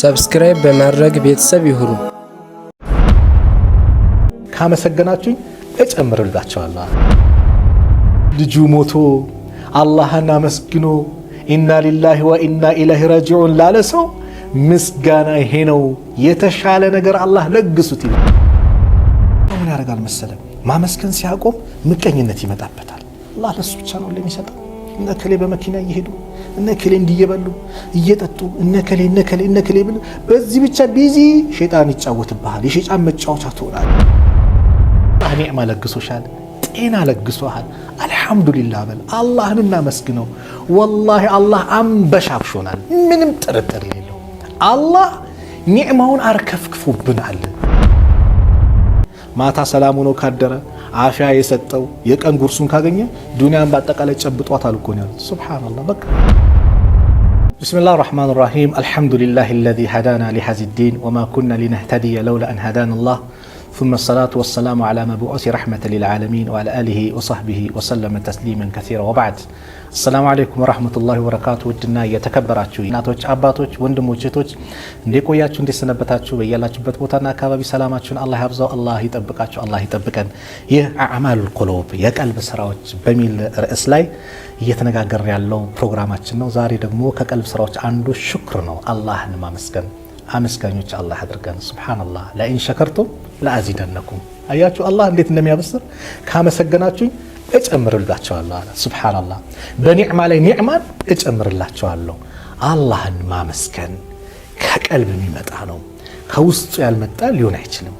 ሰብስክራይብ በማድረግ ቤተሰብ ይሁኑ። ካመሰገናችሁኝ እጨምርላችኋለሁ። ልጁ ሞቶ አላህን አመስግኖ ኢና ሊላሂ ወኢና ኢለህ ራጂዑን ላለ ሰው ምስጋና ይሄ ነው። የተሻለ ነገር አላህ ለግሱት ይላል። ምን ያደርጋል መሰለም ማመስገን ሲያቆም ምቀኝነት ይመጣበታል። አላህ ለሱ ብቻ ነው ለሚሰጠው እነ ከሌ በመኪና እየሄዱ እነ ከሌ እንዲየበሉ እየጠጡ እነ ከሌ እነ ከሌ እነ ከሌ ብለው በዚህ ብቻ ቢዚ ሸይጣን ይጫወትብሃል። የሸይጣን መጫወቻ ትሆናለህ። ኒዕማ ለግሶሻል፣ ጤና ለግሶሃል። አልሐምዱሊላህ በል። አላህን እናመስግነው። ወላሂ አላህ አንበሻብሾናል። ምንም ጥርጥር የለው አላህ ኒዕማውን አርከፍክፎብናል። ማታ ሰላም ሆኖ ካደረ አፊያ የሰጠው የቀን ጉርሱን ካገኘ ዱንያን በአጠቃላይ ጨብጧታል እኮ ነው ያሉት። ሱብሃነላህ በቃ بسم الله الرحمن الرحيم الحمد لله الذي هدانا لهذا الدين وما كنا لنهتدي لولا أن هدانا الله ثم الصلاة والسلام على مبعوث رحمة للعالمين وعلى آله وصحبه وسلم تسليما كثيرا وبعد السلام عليكم ورحمة الله وبركاته ውድና የተከበራችሁ እናቶች፣ አባቶች፣ ወንድሞች፣ እህቶች እንዴት ቆያችሁ? እንዴት ሰነበታችሁ? በያላችሁበት ቦታና አካባቢ ሰላማችሁን አላህ ያብዛው፣ አላህ ይጠብቃችሁ፣ አላህ ይጠብቀን። ይህ አዕማሉል ቁሉብ የቀልብ ስራዎች በሚል ርዕስ ላይ እየተነጋገርን ያለው ፕሮግራማችን ነው። ዛሬ ደግሞ ከቀልብ ስራዎች አንዱ ሽክር ነው፣ አላህን ማመስገን አመስጋኞች አላህ አድርገን። ሱብሓነላህ ለኢን ሸከርቱም ለአዚደነኩም። አያችሁ አላህ እንዴት እንደሚያበስር ካመሰገናችሁኝ እጨምርላቸዋለሁ አለ። ሱብሓነላህ በኒዕማ ላይ ኒዕማን እጨምርላቸዋለሁ። አላህን ማመስገን ከቀልብ የሚመጣ ነው። ከውስጡ ያልመጣ ሊሆን አይችልም።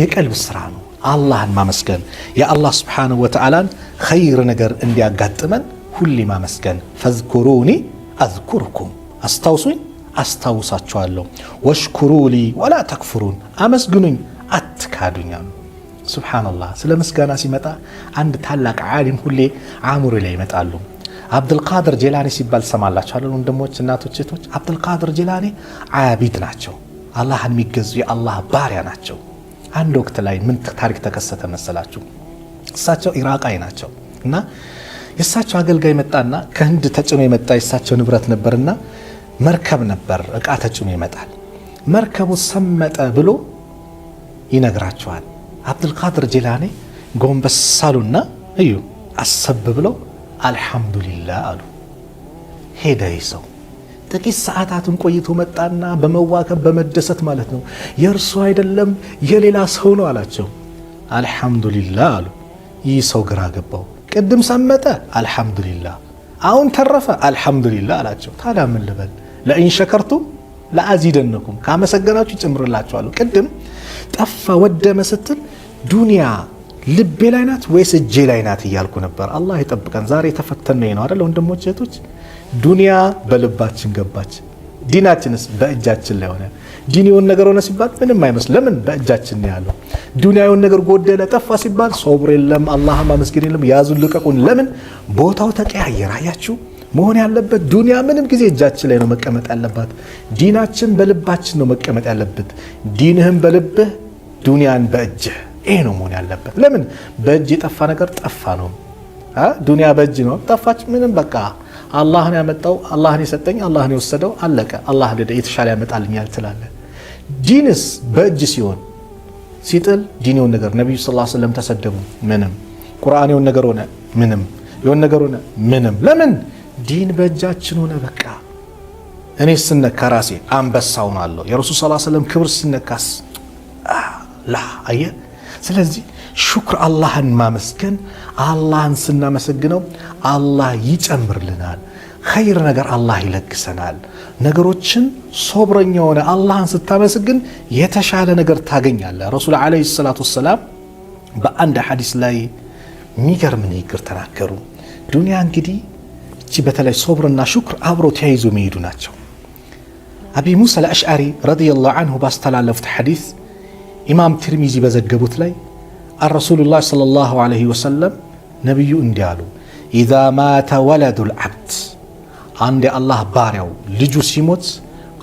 የቀልብ ስራ ነው። አላህን ማመስገን የአላህ ስብሓነሁ ወተዓላን ኸይር ነገር እንዲያጋጥመን ሁሌ ማመስገን። ፈዝኩሩኒ አዝኩርኩም አስታውሱኝ አስታውሳችኋለሁ። ወሽኩሩ ሊ ወላ ተክፍሩን፣ አመስግኑኝ አትካዱኝ አሉ። ሱብሓነላህ። ስለ ምስጋና ሲመጣ አንድ ታላቅ ዓሊም ሁሌ አእምሮ ላይ ይመጣሉ። አብዱልቃድር ጀላኔ ሲባል ሰማላችኋለን ወንድሞች፣ እናቶች፣ ሴቶች። አብዱልቃድር ጀላኔ አቢድ ናቸው፣ አላህን የሚገዙ የአላህ ባሪያ ናቸው። አንድ ወቅት ላይ ምን ታሪክ ተከሰተ መሰላችሁ? እሳቸው ኢራቃይ ናቸው እና የእሳቸው አገልጋይ መጣና ከህንድ ተጭኖ የመጣ የእሳቸው ንብረት ነበርና መርከብ ነበር፣ እቃ ተጭኖ ይመጣል። መርከቡ ሰመጠ ብሎ ይነግራቸዋል። አብዱልቃድር ጀላኔ ጎንበስ አሉና እዩ አሰብ ብለው አልሐምዱሊላህ አሉ። ሄደ ይሰው ጥቂት ሰዓታትን ቆይቶ መጣና በመዋከብ በመደሰት ማለት ነው። የእርሱ አይደለም የሌላ ሰው ነው አላቸው። አልሐምዱሊላህ አሉ። ይህ ሰው ግራ ገባው። ቅድም ሰመጠ፣ አልሐምዱሊላህ አሁን ተረፈ፣ አልሐምዱሊላህ አላቸው። ታዲያ ምን ልበል? ለኢንሸከርቱም ለአዚደነኩም ካመሰገናችሁ ይጨምርላችኋለሁ። ቅድም ጠፋ ወደመ ስትል ዱንያ ልቤ ላይ ናት ወይስ እጄ ላይ ናት እያልኩ ነበር። አላህ ይጠብቀን። ዛሬ የተፈተነ ነው አደለ ወንድሞች እህቶች? ዱንያ በልባችን ገባች፣ ዲናችንስ በእጃችን ላይ ሆነ። ዲኒውን ነገር ሆነ ሲባል ምንም አይመስል፣ ለምን በእጃችን ነው ያለው። ዱንያውን ነገር ጎደለ ጠፋ ሲባል ሶብር የለም፣ አላህም አመስገን የለም፣ ያዙን ልቀቁን። ለምን ቦታው ተቀያየር? አያችሁ መሆን ያለበት ዱንያ ምንም ጊዜ እጃችን ላይ ነው መቀመጥ ያለባት። ዲናችን በልባችን ነው መቀመጥ ያለበት። ዲንህም በልብህ ዱንያን በእጅህ ይሄ ነው መሆን ያለበት። ለምን በእጅ የጠፋ ነገር ጠፋ ነው። ዱንያ በእጅ ነው ጠፋች። ምንም በቃ አላህን ያመጣው አላህን የሰጠኝ አላህን የወሰደው አለቀ። አላህ የተሻለ ያመጣልኛል ትላለህ። ዲንስ በእጅ ሲሆን ሲጥል ዲን ነገር ነቢዩ ስ ዐለይሂ ተሰደቡ፣ ምንም ቁርአን የሆን ነገር ሆነ፣ ምንም የሆን ነገር ሆነ፣ ምንም ለምን ዲን በእጃችን ሆነ። በቃ እኔ ስነካ ራሴ አንበሳ አለው የረሱል ሰለላሁ ዐለይሂ ወሰለም ክብር ሲነካስ ላ አየ። ስለዚህ ሹክር አላህን ማመስገን፣ አላህን ስናመሰግነው አላህ ይጨምርልናል፣ ኸይር ነገር አላህ ይለግሰናል። ነገሮችን ሶብረኛ የሆነ አላህን ስታመስግን የተሻለ ነገር ታገኛለ ረሱል ዐለይሂ ሰላቱ ወሰላም በአንድ ሐዲስ ላይ ሚገርም ንግግር ተናገሩ። ዱንያ እንግዲህ እቺ በተለይ ሶብርና ሹክር አብሮ ተያይዞ የሚሄዱ ናቸው። አቢ ሙሳ ለአሽዓሪ ረዲየላሁ አንሁ ባስተላለፉት ሐዲስ ኢማም ትርሚዚ በዘገቡት ላይ አረሱሉላህ ሰለላሁ ዐለይሂ ወሰለም ነቢዩ እንዲህ አሉ፣ ኢዛ ማተ ወለዱል ዓብድ አንድ የአላህ ባሪያው ልጁ ሲሞት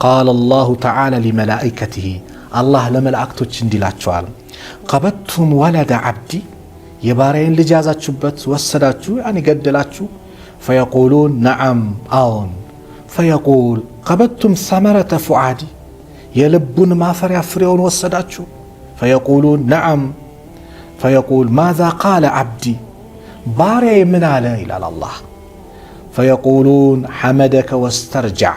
ቃለ ላሁ ተዓላ ሊመላኢከትህ አላህ ለመላእክቶች እንዲላቸዋል ቀበድቱም ወለደ ዓብዲ የባሪያዬን ልጅ ያዛችሁበት፣ ወሰዳችሁ፣ ያን ገደላችሁ ፈየቁሉን ነዓም አዎን፣ ፈየቁል ቀበድቱም ሰመረተ ፉዓዲ የልቡን ማፈሪያ ፍሬውን ወሰዳችሁ። ፈየቁሉን ነዓም ፈየቁል ማዛ ቃለ ዓብዲ ባሪያዬ ምን አለ ይላል አላህ። ፈየቁሉን ሐመደከ ወስተርጃዕ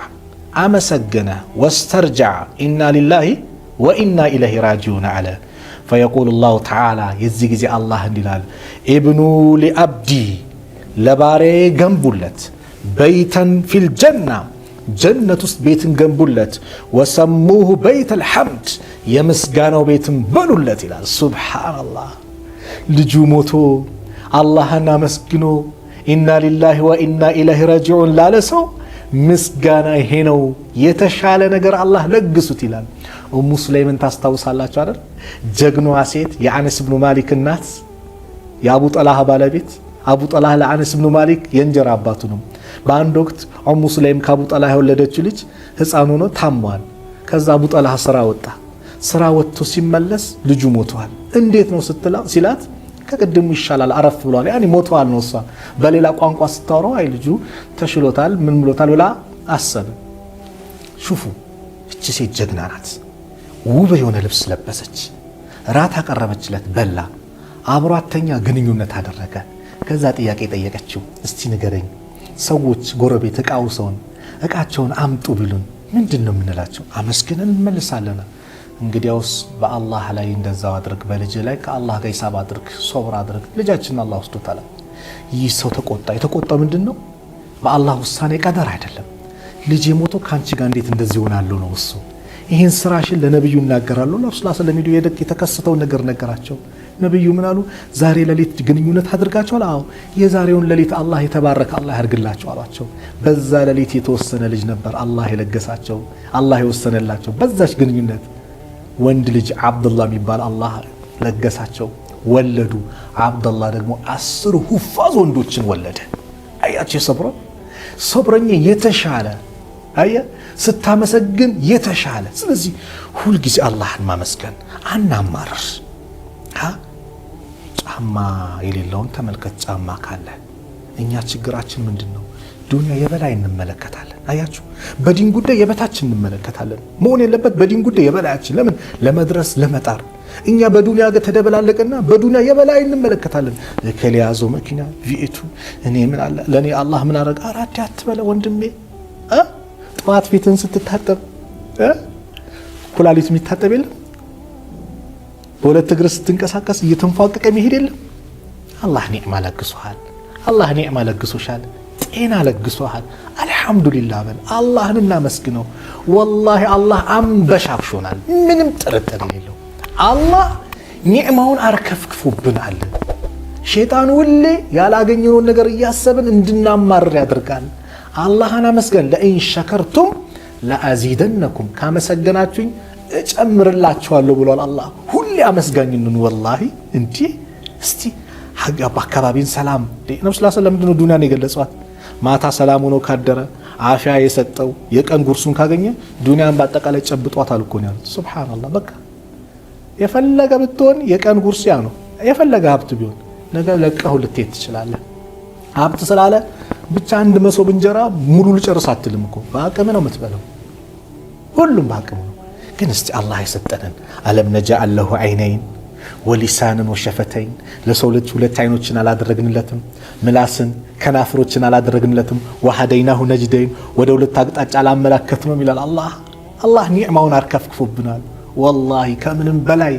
አመሰገነ፣ ወስተርጃዕ ኢና ሊላሂ ወኢና ኢለይሂ ራጂዑን አለ። ፈየቁል ላሁ ተዓላ የዚህ ጊዜ አላህ እንዲላል ኢብኑ ሊአብዲ ለባሬ ገንቡለት፣ በይተን ፊል ጀና ጀነት ውስጥ ቤትን ገንቡለት፣ ወሰሙሁ በይተ ልሐምድ የምስጋናው ቤትን በሉለት ይላል። ሱብሓነላህ ልጁ ሞቶ አላህን አመስግኖ ኢና ሊላሂ ወኢና ኢለይሂ ራጂዑን ላለ ሰው ምስጋና ይሄ ነው። የተሻለ ነገር አላህ ለግሱት ይላል። ኡሙ ሱለይምን ታስታውሳላችሁ አይደል? ጀግኗ ሴት የአነስ ብኑ ማሊክ እናት፣ የአቡ ጠላሃ ባለቤት አቡ ጠላህ ለአነስ ብኑ ማሊክ የእንጀራ አባቱ ነው። በአንድ ወቅት ኦሙ ሱለይም ከአቡ ጠላህ የወለደችው ልጅ ህፃን ሆኖ ታሟል። ከዛ አቡ ጠላህ ስራ ወጣ። ስራ ወጥቶ ሲመለስ ልጁ ሞተዋል እንዴት ነው ሲላት ከቅድሙ ይሻላል አረፍ ብሏል። ያኔ ሞተዋል ነው እሷ በሌላ ቋንቋ ስታወራው አይ ልጁ ተሽሎታል ምን ብሎታል ብላ አሰብ። ሹፉ እቺ ሴት ጀግና ናት። ውብ የሆነ ልብስ ለበሰች፣ ራት አቀረበችለት፣ በላ፣ አብሮ አተኛ፣ ግንኙነት አደረገ። ከዛ ጥያቄ ጠየቀችው። እስቲ ንገረኝ፣ ሰዎች ጎረቤት እቃው ሰውን እቃቸውን አምጡ ቢሉን ምንድን ነው የምንላቸው? አመስግነን እንመልሳለን። እንግዲያውስ በአላህ ላይ እንደዛው አድርግ፣ በልጅ ላይ ከአላህ ጋር ሂሳብ አድርግ፣ ሶብር አድርግ። ልጃችን አላህ ወስዶታል። ይህ ሰው ተቆጣ። የተቆጣው ምንድን ነው? በአላህ ውሳኔ ቀደር አይደለም። ልጅ ሞቶ ከአንቺ ጋር እንዴት እንደዚህ ይሆናሉ ነው እሱ። ይህን ስራሽን ለነቢዩ እናገራሉ። ለሱ ስለሚዲ የደቅ የተከሰተውን ነገር ነገራቸው። ነብዩ ምን አሉ? ዛሬ ሌሊት ግንኙነት አድርጋቸዋል? አዎ። የዛሬውን ሌሊት አላህ የተባረከ አላህ ያድርግላቸው አሏቸው። በዛ ሌሊት የተወሰነ ልጅ ነበር አላህ የለገሳቸው አላህ የወሰነላቸው በዛች ግንኙነት ወንድ ልጅ አብዱላህ የሚባል አላህ ለገሳቸው፣ ወለዱ። አብዱላህ ደግሞ አስር ሁፋዝ ወንዶችን ወለደ። አያቸው ሰብረ ሰብረኛ የተሻለ አየ ስታመሰግን የተሻለ። ስለዚህ ሁልጊዜ አላህን ማመስገን አናማርር። ጫማ የሌለውን ተመልከት። ጫማ ካለ እኛ ችግራችን ምንድን ነው? ዱንያ የበላይ እንመለከታለን። አያችሁ፣ በዲን ጉዳይ የበታችን እንመለከታለን። መሆን የለበት በዲን ጉዳይ የበላያችን። ለምን ለመድረስ ለመጣር እኛ በዱንያ ጋር ተደበላለቀና በዱንያ የበላይ እንመለከታለን። እከሌ የያዘው መኪና ቪኤቱ፣ እኔ ምን አለ ለእኔ አላህ ምን አረግ። አራዲ አትበለ ወንድሜ። ጠዋት ቤትን ስትታጠብ ኩላሊት የሚታጠብ የለም በሁለት እግር ስትንቀሳቀስ እየተንፏቀቀ መሄድ የለም። አላህ ኒዕማ ለግሶሃል። አላህ ኒዕማ ለግሶሻል። ጤና ለግሶሃል። አልሐምዱሊላህ በል። አላህን እናመስግነው። ወላሂ አላህ አንበሻብሾናል። ምንም ጥርጥር የለው። አላህ ኒዕማውን አርከፍክፎብናል። ሼጣን ሁሌ ያላገኘነውን ነገር እያሰብን እንድናማርር ያደርጋል። አላህን አመስገን። ለኢን ሸከርቱም ለአዚደነኩም፣ ካመሰገናችሁኝ እጨምርላችኋለሁ ብሏል አላህ ሁሌ አመስጋኝ አመስጋኝንን ወላሂ እንዲህ እስቲ በአካባቢን ሰላም ነው ስላ ለምንድነው ዱኒያን የገለጸዋት? ማታ ሰላም ሆኖ ካደረ አፊያ የሰጠው የቀን ጉርሱን ካገኘ ዱኒያን በአጠቃላይ ጨብጧት አልኮን ያሉት። ሱብሓነላህ በቃ የፈለገ ብትሆን የቀን ጉርስ ያ ነው። የፈለገ ሀብት ቢሆን ነገ ለቀሁ ልትሄድ ትችላለህ። ሀብት ስላለ ብቻ አንድ መሶብ እንጀራ ሙሉ ልጨርስ አትልም እኮ በአቅም ነው የምትበለው። ሁሉም በአቅም ግን እስቲ አላህ የሰጠንን አለም ነጃ አለሁ አይነይን ወሊሳንን ወሸፈተይን ለሰው ልጅ ሁለት አይኖችን አላደረግንለትም? ምላስን ከናፍሮችን አላደረግንለትም? ወሀደይናሁ ነጅደይን ወደ ሁለት አቅጣጫ አላመላከት ነው ይላል አላህ። አላህ ኒዕማውን አርከፍክፎብናል። ወላሂ ከምንም በላይ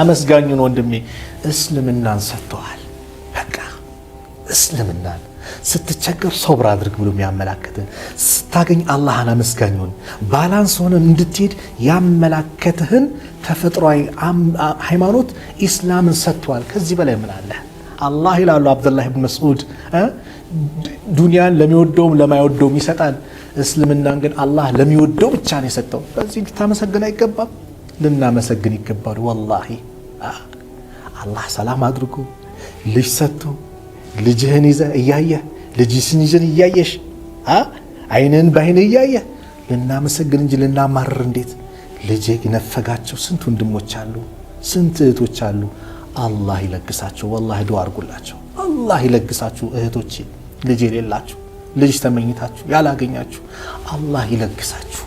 አመስጋኙን ወንድሜ እስልምናን ሰጥተዋል። በቃ እስልምናን ስትቸገር ሶብር አድርግ ብሎ የሚያመላከት ስታገኝ አላህን አመስጋኝ ሁን፣ ባላንስ ሆነ እንድትሄድ ያመላከትህን ተፈጥሯዊ ሃይማኖት ኢስላምን ሰጥቷል። ከዚህ በላይ ምን አለ? አላህ ይላሉ አብዱላህ ብን መስዑድ ዱንያን ለሚወደውም ለማይወደውም ይሰጣል። እስልምናን ግን አላህ ለሚወደው ብቻ ነው የሰጠው። በዚህ ልታመሰግን አይገባም፣ ልናመሰግን ይገባል። ወላሂ አላህ ሰላም አድርጎ ልጅ ሰጥቶ ልጅህን ይዘ እያየ ልጅ ስንይዘን እያየሽ አይንን በአይንህ እያየ ልናመሰግን እንጂ ልናማርር እንዴት? ልጅ የነፈጋቸው ስንት ወንድሞች አሉ፣ ስንት እህቶች አሉ። አላህ ይለግሳቸው። ወላሂ ዱዓ አድርጉላቸው። አላህ ይለግሳችሁ እህቶቼ፣ ልጅ የሌላችሁ ልጅ ተመኝታችሁ ያላገኛችሁ አላህ ይለግሳችሁ።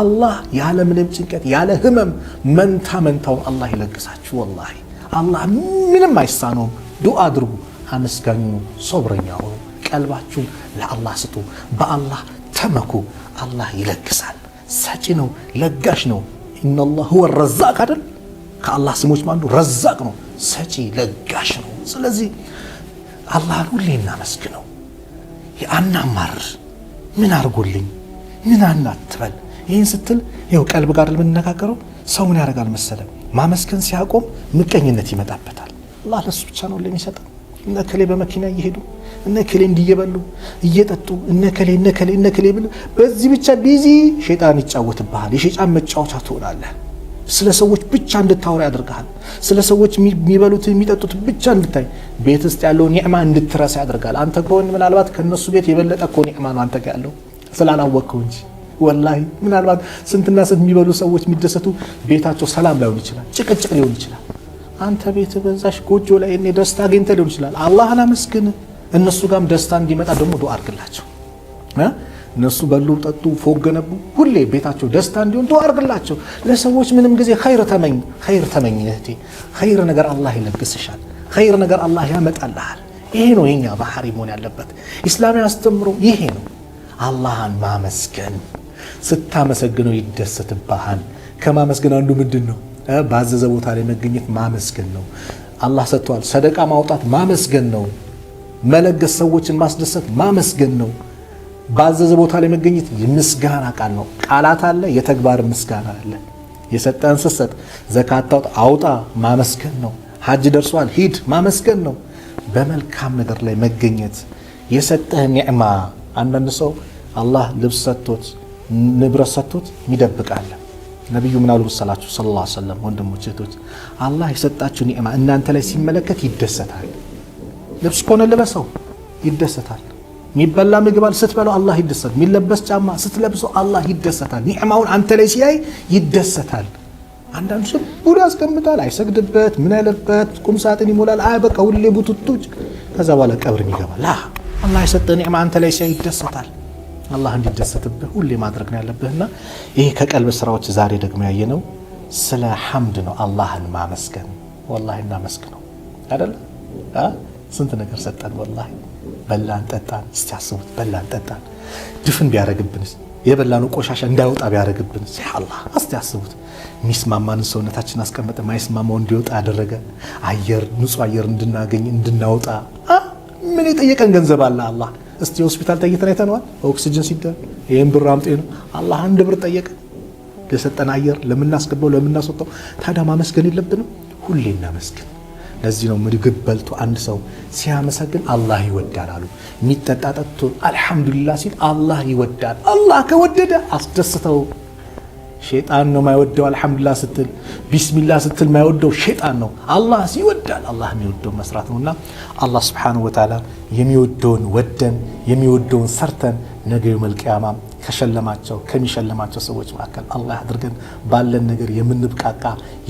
አላህ ያለ ምንም ጭንቀት ያለ ህመም መንታ መንታውን አላህ ይለግሳችሁ። ወላሂ አላህ ምንም አይሳነውም። ዱዓ አድርጉ። አመስጋኙ ሶብረኛ ሁኑ። ቀልባችሁን ለአላህ ስጡ። በአላህ ተመኩ። አላህ ይለግሳል። ሰጪ ነው፣ ለጋሽ ነው። ኢነላህ ሁወ ረዛቅ አይደል? ከአላህ ስሞች አንዱ ረዛቅ ነው፣ ሰጪ ለጋሽ ነው። ስለዚህ አላህን ሁሌ እናመስግነው። አናማርር። ምን አድርጎልኝ ምን አናትበል። ይህን ስትል ይኸው ቀልብ ጋር የምንነጋገረው ሰው ምን ያደርጋል መሰለም ማመስገን ሲያቆም ምቀኝነት ይመጣበታል። አላህ ለሱ ብቻ ነው ለሚሰጠው እነ ከሌ በመኪና እየሄዱ እነ ከሌ እንዲየበሉ እየጠጡ እነ ከሌ እነ ከሌ እነ ከሌ በዚህ ብቻ ቢዚ ሸይጣን ይጫወትብሃል። የሸይጣን መጫወቻ ትሆናለህ። ስለ ሰዎች ብቻ እንድታወራ ያደርግሃል። ስለ ሰዎች የሚበሉት የሚጠጡት ብቻ እንድታይ፣ ቤት ውስጥ ያለው ኒዕማ እንድትረሳ ያደርጋል። አንተ ከሆን ምናልባት ከእነሱ ቤት የበለጠ እኮ ኒዕማ ነው አንተ ያለው ስላላወቅከው እንጂ ወላሂ ምናልባት ስንትና ስንት የሚበሉ ሰዎች የሚደሰቱ ቤታቸው ሰላም ላይሆን ይችላል፣ ጭቅጭቅ ሊሆን ይችላል። አንተ ቤት በዛሽ ጎጆ ላይ እኔ ደስታ አግኝተ ሊሆን ይችላል። አላህ አላመስግን። እነሱ ጋርም ደስታ እንዲመጣ ደግሞ ዱዓ አድርግላቸው። እነሱ በሉ ጠጡ፣ ፎቅ ገነቡ። ሁሌ ቤታቸው ደስታ እንዲሆን ዱዓ አድርግላቸው። ለሰዎች ምንም ጊዜ ኸይር ተመኝ፣ ኸይር ተመኝ እህቴ። ኸይር ነገር አላህ ይለግስሻል። ኸይር ነገር አላህ ያመጣልሃል። ይሄ ነው የኛ ባህሪ መሆን ያለበት። ኢስላም ያስተምሮ ይሄ ነው። አላህን ማመስገን። ስታመሰግነው ይደሰትብሃል። ከማመስገን አንዱ ምንድን ነው? ባዘዘ ቦታ ላይ መገኘት ማመስገን ነው። አላህ ሰጥቷል፣ ሰደቃ ማውጣት ማመስገን ነው። መለገስ፣ ሰዎችን ማስደሰት ማመስገን ነው። ባዘዘ ቦታ ላይ መገኘት የምስጋና ቃል ነው። ቃላት አለ፣ የተግባር ምስጋና አለ። የሰጠን ስሰጥ፣ ዘካት አውጣ ማመስገን ነው። ሀጅ ደርሷል ሂድ ማመስገን ነው። በመልካም ነገር ላይ መገኘት የሰጠህ ኒዕማ። አንዳንድ ሰው አላህ ልብስ ሰጥቶት ንብረት ሰጥቶት ይደብቃል። ነቢዩ ምን አሉ መሰላችሁ? ሰለላሁ ዐለይሂ ወሰለም ወንድሞች እህቶች፣ አላህ የሰጣችሁ ኒዕማ እናንተ ላይ ሲመለከት ይደሰታል። ልብስ ከሆነ ልበሰው ይደሰታል። የሚበላ ምግብ ስትበለው አላህ ይደሰታል። የሚለበስ ጫማ ስትለብሰው አላህ ይደሰታል። ኒዕማውን አንተ ላይ ሲያይ ይደሰታል። አንዳንዱ ሰው ቡዳ ያስቀምጣል፣ አይሰግድበት፣ ምን አይለበት፣ ቁም ሳጥን ይሞላል። አይ በቃ ሁሌ ቡትቱጭ። ከዛ በኋላ ቀብር ይገባል። አላህ የሰጠህ ኒዕማ አንተ ላይ ሲያይ ይደሰታል። አላህ እንዲደሰትብህ ሁሌ ማድረግ ነው ያለብህና ይሄ ከቀልብ ስራዎች ዛሬ ደግሞ ያየነው ስለ ሐምድ ነው። አላህን ማመስገን ወላሂ እናመስግነው አይደለ? ስንት ነገር ሰጠን ወላሂ። በላን ጠጣን፣ እስቲ አስቡት። በላን ጠጣን፣ ድፍን ቢያደርግብንስ የበላኑ ቆሻሻ እንዳይወጣ ቢያደርግብን አላህ እስቲ አስቡት። የሚስማማንን ሰውነታችን አስቀመጠ፣ ማይስማማው እንዲወጣ ያደረገ አየር ንጹህ አየር እንድናገኝ እንድናወጣ ምን የጠየቀን ገንዘብ አለ አላህ እስቲ ሆስፒታል ተኝተን አይተነዋል። ኦክሲጅን ሲደር ይህን ብር አምጤ ነው አላህ አንድ ብር ጠየቀ ለሰጠን አየር ለምናስገባው ለምናስወጣው። ታዲያ ማመስገን የለብንም? ሁሌ እናመስግን። ለዚህ ነው ምግብ በልቶ አንድ ሰው ሲያመሰግን አላህ ይወዳል አሉ። የሚጠጣ ጠጥቶ አልሐምዱሊላህ ሲል አላህ ይወዳል። አላህ ከወደደ አስደስተው ሼጣን ነው ማይወደው። አልሐምዱሊላህ ስትል ቢስሚላ ስትል ማይወደው ሼጣን ነው። አላህ ይወዳል አላህ የሚወደው መስራት ነውና አላህ ስብሓነሁ ወተዓላ የሚወደውን ወደን የሚወደውን ሰርተን ነገ የውመል ከሸለማቸው ከሚሸልማቸው ሰዎች መካከል አላህ አድርገን ባለን ነገር የምንብቃቃ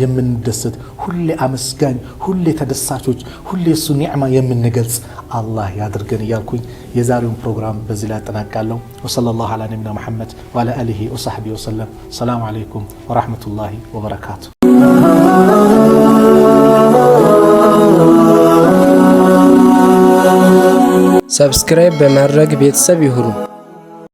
የምንደሰት ሁሌ አመስጋኝ ሁሌ ተደሳቾች ሁሌ እሱ ኒዕማ የምንገልጽ አላህ ያድርገን እያልኩኝ የዛሬውን ፕሮግራም በዚህ ላይ አጠናቃለሁ። ወሰለላሁ ዐላ ነቢና መሐመድ ወዐላ አሊሂ ወሰሕቢ ወሰለም። ሰላሙ አለይኩም ወረሕመቱላሂ ወበረካቱ። ሰብስክራይብ በማድረግ ቤተሰብ ይሁኑ።